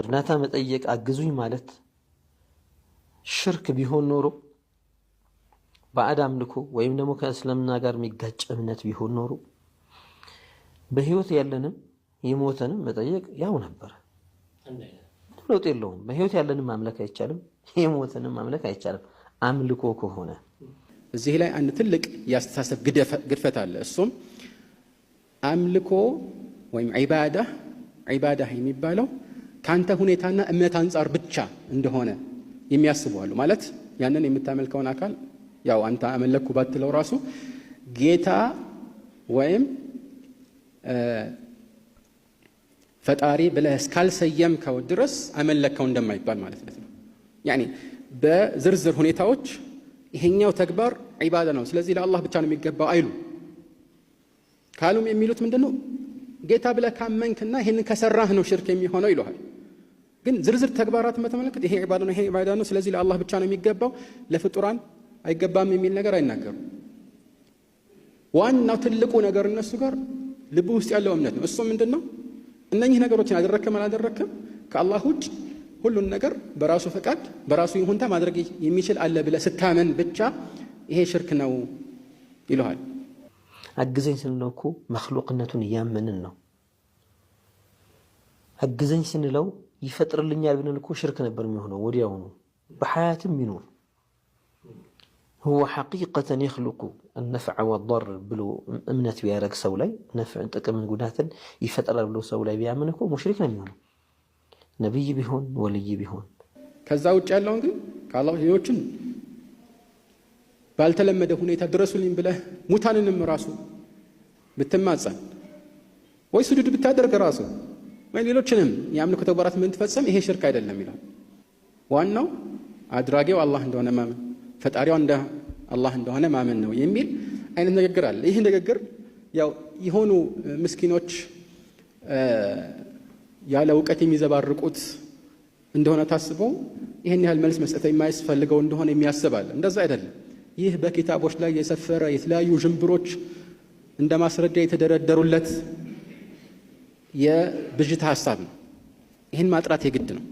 እርዳታ መጠየቅ አግዙኝ ማለት ሽርክ ቢሆን ኖሮ ባዕድ አምልኮ ወይም ደግሞ ከእስልምና ጋር የሚጋጭ እምነት ቢሆን ኖሮ በህይወት ያለንም የሞተንም መጠየቅ ያው ነበረ። ለውጥ የለውም። በህይወት ያለንም ማምለክ አይቻልም፣ የሞተንም ማምለክ አይቻልም። አምልኮ ከሆነ እዚህ ላይ አንድ ትልቅ የአስተሳሰብ ግድፈት አለ። እሱም አምልኮ ወይም ዒባዳ ዒባዳ የሚባለው ከአንተ ሁኔታና እምነት አንጻር ብቻ እንደሆነ የሚያስቡ አሉ። ማለት ያንን የምታመልከውን አካል ያው አንተ አመለኩ ባትለው ራሱ ጌታ ወይም ፈጣሪ ብለህ እስካልሰየምከው ድረስ አመለከው እንደማይባል ማለት ነው። ያኔ በዝርዝር ሁኔታዎች ይሄኛው ተግባር ዒባዳ ነው፣ ስለዚህ ለአላህ ብቻ ነው የሚገባው አይሉ ካሉም የሚሉት ምንድን ነው ጌታ ብለህ ካመንክና ይህንን ከሰራህ ነው ሽርክ የሚሆነው ይለሃል። ግን ዝርዝር ተግባራትን በተመለከተ ይሄ ዒባዳ ነው፣ ይሄ ዒባዳ ነው፣ ስለዚህ ለአላህ ብቻ ነው የሚገባው ለፍጡራን አይገባም የሚል ነገር አይናገሩም። ዋናው ትልቁ ነገር እነሱ ጋር ልብ ውስጥ ያለው እምነት ነው። እሱ ምንድን ነው? እነኚህ ነገሮችን አደረክም አላደረክም ከአላህ ውጭ ሁሉን ነገር በራሱ ፈቃድ በራሱ ይሁንታ ማድረግ የሚችል አለ ብለ ስታመን ብቻ ይሄ ሽርክ ነው ይለዋል። አግዘኝ ስንለው እኮ መክሉቅነቱን እያመንን ነው። አግዘኝ ስንለው ይፈጥርልኛል ብለን እኮ ሽርክ ነበር የሚሆነው ወዲያውኑ። በሐያትም ይኖር ሁወ ሐቂቀተን የኽልቁ ነፍዐ ወደር ብሎ እምነት ቢያደረግ ሰው ላይ ነፍዕን፣ ጥቅምን፣ ጉዳትን ይፈጥራል ብሎ ሰው ላይ ቢያምን እኮ ሙሽሪክ ነው የሚሆነው ነቢይ ቢሆን ወልይ ቢሆን። ከዛ ውጭ ያለውን ግን ከአላህ ሌሎችን ባልተለመደ ሁኔታ ድረሱልኝ ብለህ ሙታንንም ራሱ ብትማጸን ወይ ስጁድ ብታደርግ ራሱ ወይ ሌሎችንም የአምልኮ ተግባራት የምንትፈጸም ይሄ ሽርክ አይደለም ይላል። ዋናው አድራጊው አላህ እንደሆነ ማመን፣ ፈጣሪው እንደ አላህ እንደሆነ ማመን ነው የሚል አይነት ንግግር አለ። ይህ ንግግር ያው የሆኑ ምስኪኖች ያለ እውቀት የሚዘባርቁት እንደሆነ ታስቦ ይህን ያህል መልስ መስጠት የማያስፈልገው እንደሆነ የሚያስባል። እንደዛ አይደለም። ይህ በኪታቦች ላይ የሰፈረ የተለያዩ ዥንብሮች እንደ ማስረጃ የተደረደሩለት የብዥታ ሀሳብ ነው። ይህን ማጥራት የግድ ነው።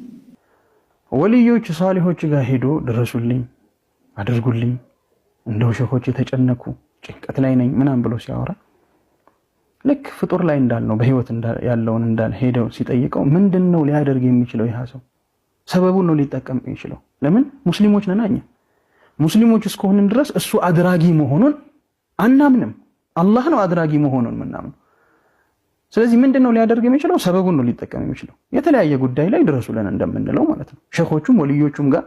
ወልዮች ሳሊሆች ጋር ሄዶ ድረሱልኝ፣ አድርጉልኝ፣ እንደው ሸኾች የተጨነኩ ጭንቀት ላይ ነኝ ምናም ብሎ ሲያወራ ልክ ፍጡር ላይ እንዳልነው በህይወት ያለውን እንዳል ሄደው ሲጠይቀው ምንድን ነው ሊያደርግ የሚችለው ይህ ሰው ሰበቡን ነው ሊጠቀም የሚችለው። ለምን ሙስሊሞች ነን እኛ። ሙስሊሞች እስከሆንን ድረስ እሱ አድራጊ መሆኑን አናምንም። አላህ ነው አድራጊ መሆኑን ምናምን ስለዚህ ምንድን ነው ሊያደርግ የሚችለው? ሰበቡን ነው ሊጠቀም የሚችለው። የተለያየ ጉዳይ ላይ ድረሱልን እንደምንለው ማለት ነው። ሸኾቹም ወልዮቹም ጋር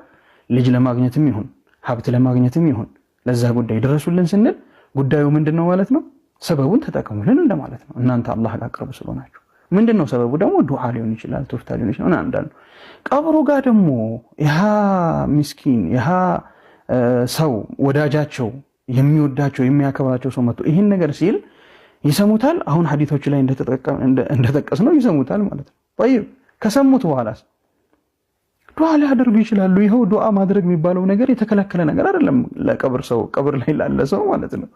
ልጅ ለማግኘትም ይሁን ሀብት ለማግኘትም ይሁን ለዛ ጉዳይ ድረሱልን ስንል ጉዳዩ ምንድን ነው ማለት ነው? ሰበቡን ተጠቀሙልን እንደማለት ነው። እናንተ አላህ ጋር ቅርብ ስለሆናችሁ ምንድን ነው ሰበቡ? ደግሞ ዱዓ ሊሆን ይችላል፣ ቱርታ ሊሆን ይችላል። አንዳንዱ ቀብሩ ጋር ደግሞ ይሃ ሚስኪን ይሃ ሰው ወዳጃቸው የሚወዳቸው የሚያከብራቸው ሰው መጥቶ ይህን ነገር ሲል ይሰሙታል። አሁን ሀዲቶች ላይ እንደጠቀስ ነው ይሰሙታል ማለት ነው። ጠይብ ከሰሙት በኋላ ዱዓ ሊያደርጉ ይችላሉ። ይኸው ዱዓ ማድረግ የሚባለው ነገር የተከለከለ ነገር አይደለም። ለቀብር ሰው ቀብር ላይ ላለ ሰው ማለት ነው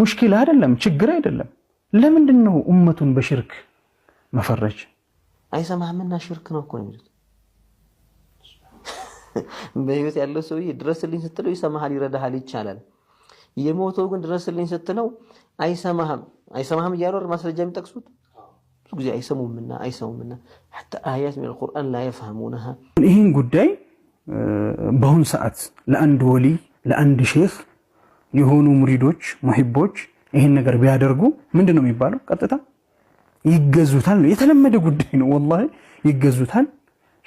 ሙሽኪል አይደለም፣ ችግር አይደለም። ለምንድን ነው እመቱን በሽርክ መፈረጅ? አይሰማህምና ሽርክ ነው እኮ የሚሉት። በህይወት ያለው ሰውዬ ድረስልኝ ስትለው ይሰማሃል፣ ይረዳሃል፣ ይቻላል። የሞተው ግን ድረስልኝ ስትለው አይሰማህም አይሰማህም እያሉ ማስረጃ የሚጠቅሱት ብዙ ጊዜ አይሰሙምና አይሰሙምና ሐታ አያት ሚን አልቁርአን ላ የፍሀሙነሃ። ይህን ጉዳይ በአሁን ሰዓት ለአንድ ወሊ ለአንድ ሼህ የሆኑ ሙሪዶች ሙሂቦች ይህን ነገር ቢያደርጉ ምንድን ነው የሚባለው? ቀጥታ ይገዙታል ነው። የተለመደ ጉዳይ ነው። ወላሂ ይገዙታል።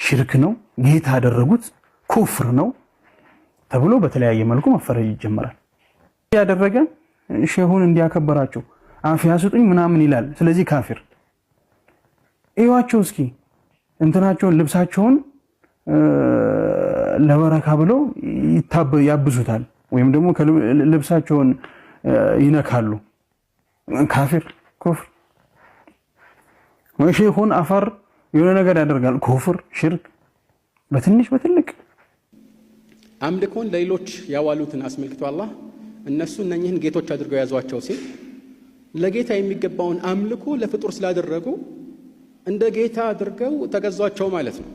ሽርክ ነው፣ ጌታ ያደረጉት ኩፍር ነው ተብሎ በተለያየ መልኩ መፈረጅ ይጀመራል። ያደረገ ሼሁን እንዲያከበራቸው አፍያ ስጡኝ ምናምን ይላል። ስለዚህ ካፊር እዩዋቸው እስኪ እንትናቸውን ልብሳቸውን ለበረካ ብለው ያብዙታል፣ ወይም ደግሞ ልብሳቸውን ይነካሉ። ካፊር ኩፍር። ሼሁን አፈር የሆነ ነገር ያደርጋል። ኩፍር ሽርክ፣ በትንሽ በትልቅ አምልኮን ለሌሎች ያዋሉትን አስመልክቶ አላህ እነሱ እነኝህን ጌቶች አድርገው ያዟቸው ሲል ለጌታ የሚገባውን አምልኮ ለፍጡር ስላደረጉ እንደ ጌታ አድርገው ተገዟቸው ማለት ነው።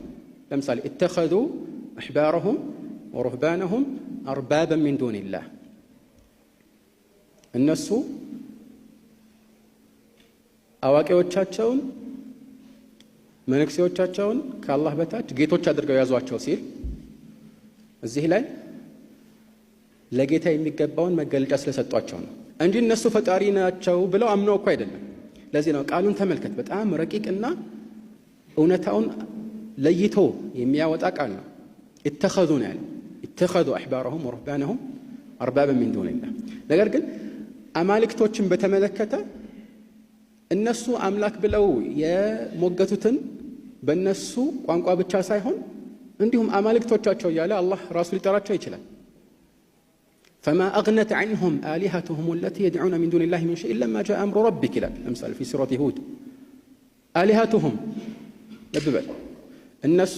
ለምሳሌ እተኸዙ አሕባረሁም ወሩህባነሁም አርባበ ሚን ዱንላህ እነሱ አዋቂዎቻቸውን መነኩሴዎቻቸውን ከአላህ በታች ጌቶች አድርገው ያዟቸው ሲል እዚህ ላይ ለጌታ የሚገባውን መገለጫ ስለሰጧቸው ነው እንጂ እነሱ ፈጣሪ ናቸው ብለው አምነው እኮ አይደለም። ለዚህ ነው ቃሉን ተመልከት። በጣም ረቂቅና እውነታውን ለይቶ የሚያወጣ ቃል ነው። እተኸዙ ነው ያለው። እተኸዙ አሕባረሁም ወሩህባነሁም አርባበን ሚን ነገር ግን አማልክቶችን በተመለከተ እነሱ አምላክ ብለው የሞገቱትን በእነሱ ቋንቋ ብቻ ሳይሆን እንዲሁም አማልክቶቻቸው እያለ አላህ ራሱ ሊጠራቸው ይችላል። فما أغنت عنهم آلهتهم التي يدعون من دون الله من شيء إلا ما جاء أمر ربك لك أمثال في سورة هود آلهتهم لببل الناس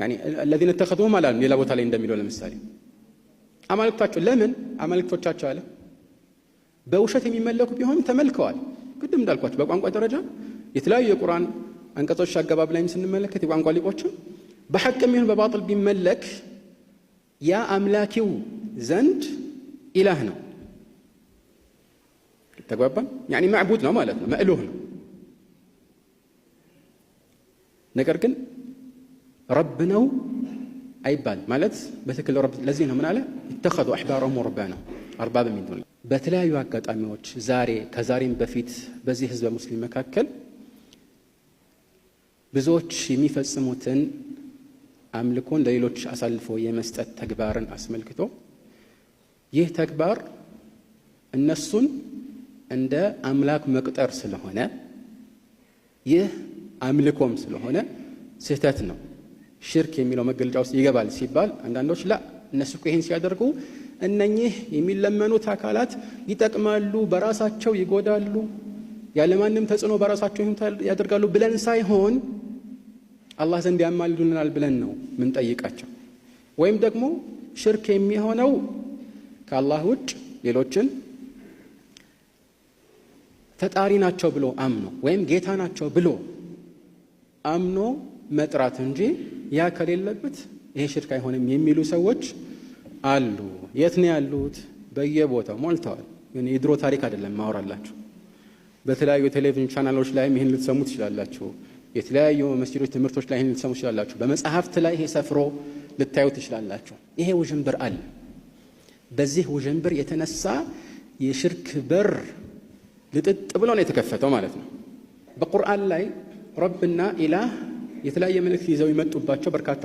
يعني الذين اتخذوا لهم يلوت عليهم دم ولا مثالي أمالك تاتشو لمن أمالك تاتشو على بوشتي من ملكوا بهم تملكوا قدم دالك واتش بقوا درجة يتلاقي القرآن أنك تشاق قباب لهم سن الملكة تبقوا أنقوا لقوتش بحكم يهم بباطل بملك يا أملاكي زند إلهنا تقبل يعني معبودنا مالتنا مألوهنا نكركن ربنا أي بال مالت بثكل رب لزينهم من على اتخذوا أحبارهم وربانا أربابا من دون بثلا يوجد أموت زاري كزارين بفيت بزي حزب مسلم مكاكل بزوج ميفس سموتن አምልኮን ለሌሎች አሳልፎ የመስጠት ተግባርን አስመልክቶ ይህ ተግባር እነሱን እንደ አምላክ መቁጠር ስለሆነ ይህ አምልኮም ስለሆነ ስህተት ነው፣ ሽርክ የሚለው መገለጫ ውስጥ ይገባል ሲባል አንዳንዶች ላ እነሱ ይህን ሲያደርጉ እነኚህ የሚለመኑት አካላት ይጠቅማሉ፣ በራሳቸው ይጎዳሉ፣ ያለማንም ተጽዕኖ በራሳቸው ያደርጋሉ ብለን ሳይሆን አላህ ዘንድ ያማልዱልናል ብለን ነው ምንጠይቃቸው። ወይም ደግሞ ሽርክ የሚሆነው ከአላህ ውጭ ሌሎችን ፈጣሪ ናቸው ብሎ አምኖ ወይም ጌታ ናቸው ብሎ አምኖ መጥራት እንጂ ያ ከሌለበት ይሄ ሽርክ አይሆንም የሚሉ ሰዎች አሉ። የት ነው ያሉት? በየቦታው ሞልተዋል። የድሮ ታሪክ አይደለም ማወራላችሁ። በተለያዩ ቴሌቪዥን ቻናሎች ላይም ይህን ልትሰሙ ትችላላችሁ። የተለያዩ መስጂዶች ትምህርቶች ላይ ይህን ልትሰሙ ትችላላችሁ። በመጽሐፍት ላይ ይሄ ሰፍሮ ልታዩ ትችላላችሁ። ይሄ ውዥንብር አለ። በዚህ ውዥንብር የተነሳ የሽርክ በር ልጥጥ ብሎ ነው የተከፈተው ማለት ነው። በቁርአን ላይ ረብና ኢላህ የተለያየ መልእክት ይዘው የመጡባቸው በርካታ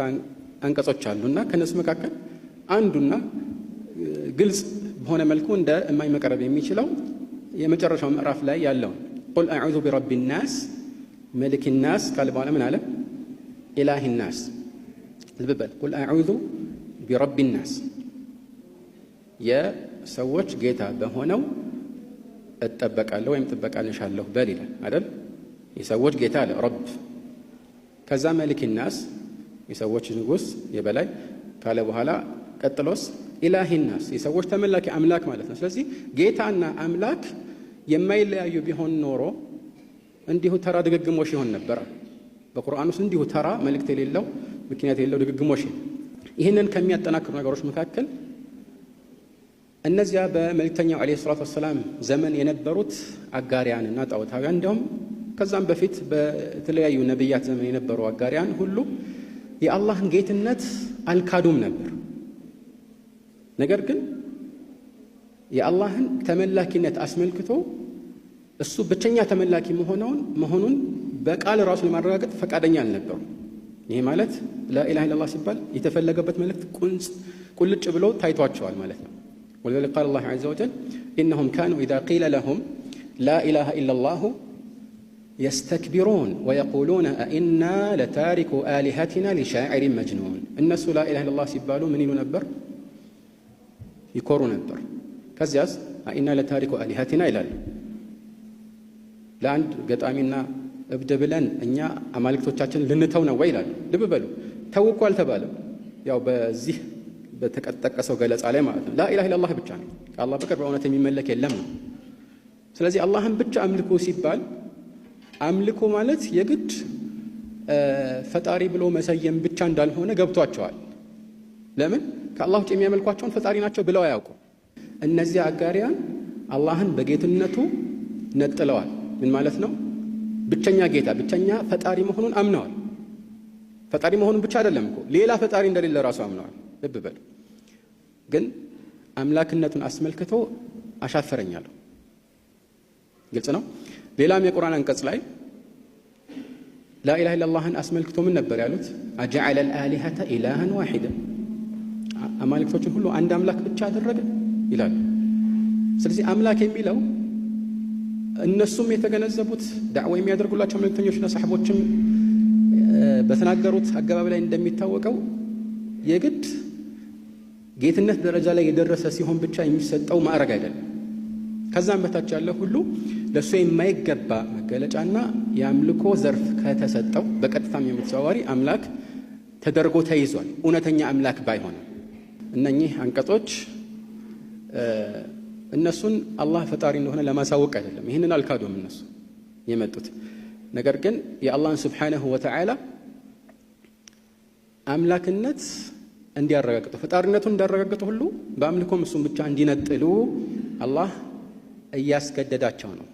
አንቀጾች አሉና ከእነሱ መካከል አንዱና ግልጽ በሆነ መልኩ እንደ እማኝ መቀረብ የሚችለው የመጨረሻው ምዕራፍ ላይ ያለውን ቁል አዑዙ ቢረቢ ናስ መሊክ ናስ ካለ በኋላ ምን አለ? ኢላሂ ናስ ልብበል ቁል አዑዙ ቢረቢ ናስ የሰዎች ጌታ በሆነው እጠበቃለሁ ወይም እጠበቃልሻለሁ በል ይላል አይደል? የሰዎች ጌታ አለ ረብ። ከዛ መሊክ ናስ የሰዎች ንጉሥ የበላይ ካለ በኋላ ቀጥሎስ ኢላሂ ናስ የሰዎች ተመላኪ አምላክ ማለት ነው። ስለዚህ ጌታና አምላክ የማይለያዩ ቢሆን ኖሮ እንዲሁ ተራ ድግግሞሽ ይሆን ነበረ። በቁርአን ውስጥ እንዲሁ ተራ መልእክት የሌለው ምክንያት የሌለው ድግግሞሽ። ይህንን ከሚያጠናክሩ ነገሮች መካከል እነዚያ በመልእክተኛው ዓለይሂ ሰላቱ ወሰላም ዘመን የነበሩት አጋሪያንና ጣዖታውያን እንዲሁም ከዛም በፊት በተለያዩ ነቢያት ዘመን የነበሩ አጋሪያን ሁሉ የአላህን ጌትነት አልካዱም ነበር። ነገር ግን የአላህን ተመላኪነት አስመልክቶ እሱ ብቸኛ ተመላኪ መሆነውን መሆኑን በቃል ራሱ ለማረጋገጥ ፈቃደኛ አልነበሩ። ይሄ ማለት ላኢላሃ ኢለላህ ሲባል የተፈለገበት መልእክት ቁልጭ ብሎ ታይቷቸዋል ማለት ነው። ወለذلك قال الله عز وجل إنهم كانوا إذا قيل لهم لا إله إلا الله يستكبرون ويقولون أئنا لتاركو آلهتنا لشاعر مجنون እነሱ لا إله إلا الله ሲባሉ ምን ይሉ ነበር? ይኮሩ ነበር። ከዚያስ أئنا لتاركو آلهتنا ይላሉ ለአንድ ገጣሚና እብድ ብለን እኛ አማልክቶቻችን ልንተው ነው ወይ ይላሉ። ልብ በሉ ተው እኮ አልተባለም። ያው በዚህ በተጠቀሰው ገለጻ ላይ ማለት ነው። ላኢላህ ኢላላህ ብቻ ነው። ከአላህ በቀር በእውነት የሚመለክ የለም ነው። ስለዚህ አላህን ብቻ አምልኮ ሲባል አምልኮ ማለት የግድ ፈጣሪ ብሎ መሰየም ብቻ እንዳልሆነ ገብቷቸዋል። ለምን ከአላህ ውጭ የሚያመልኳቸውን ፈጣሪ ናቸው ብለው አያውቁ እነዚህ አጋሪያን አላህን በጌትነቱ ነጥለዋል። ምን ማለት ነው? ብቸኛ ጌታ ብቸኛ ፈጣሪ መሆኑን አምነዋል። ፈጣሪ መሆኑን ብቻ አይደለም እኮ ሌላ ፈጣሪ እንደሌለ ራሱ አምነዋል። ልብ በል ግን አምላክነቱን አስመልክቶ አሻፈረኛለሁ። ግልጽ ነው። ሌላም የቁርአን አንቀጽ ላይ ላኢላሃ ኢለላህን አስመልክቶ ምን ነበር ያሉት? አጀዐለ አልአሊሀተ ኢላሃን ዋሂደ አማልክቶችን ሁሉ አንድ አምላክ ብቻ አደረገ ይላሉ። ስለዚህ አምላክ የሚለው እነሱም የተገነዘቡት ዳዕዋ የሚያደርጉላቸው መልእክተኞችና ሳሕቦችም በተናገሩት አገባብ ላይ እንደሚታወቀው የግድ ጌትነት ደረጃ ላይ የደረሰ ሲሆን ብቻ የሚሰጠው ማዕረግ አይደለም። ከዛም በታች ያለ ሁሉ ለእሱ የማይገባ መገለጫና የአምልኮ ዘርፍ ከተሰጠው በቀጥታም የምተዘዋዋሪ አምላክ ተደርጎ ተይዟል። እውነተኛ አምላክ ባይሆንም እነኚህ አንቀጾች እነሱን አላህ ፈጣሪ እንደሆነ ለማሳወቅ አይደለም። ይህንን አልካዶም እነሱ የመጡት ነገር ግን የአላህን ስብሓነሁ ወተዓላ አምላክነት እንዲያረጋግጡ ፈጣሪነቱን እንዲያረጋግጡ ሁሉ በአምልኮም እሱን ብቻ እንዲነጥሉ አላህ እያስገደዳቸው ነው።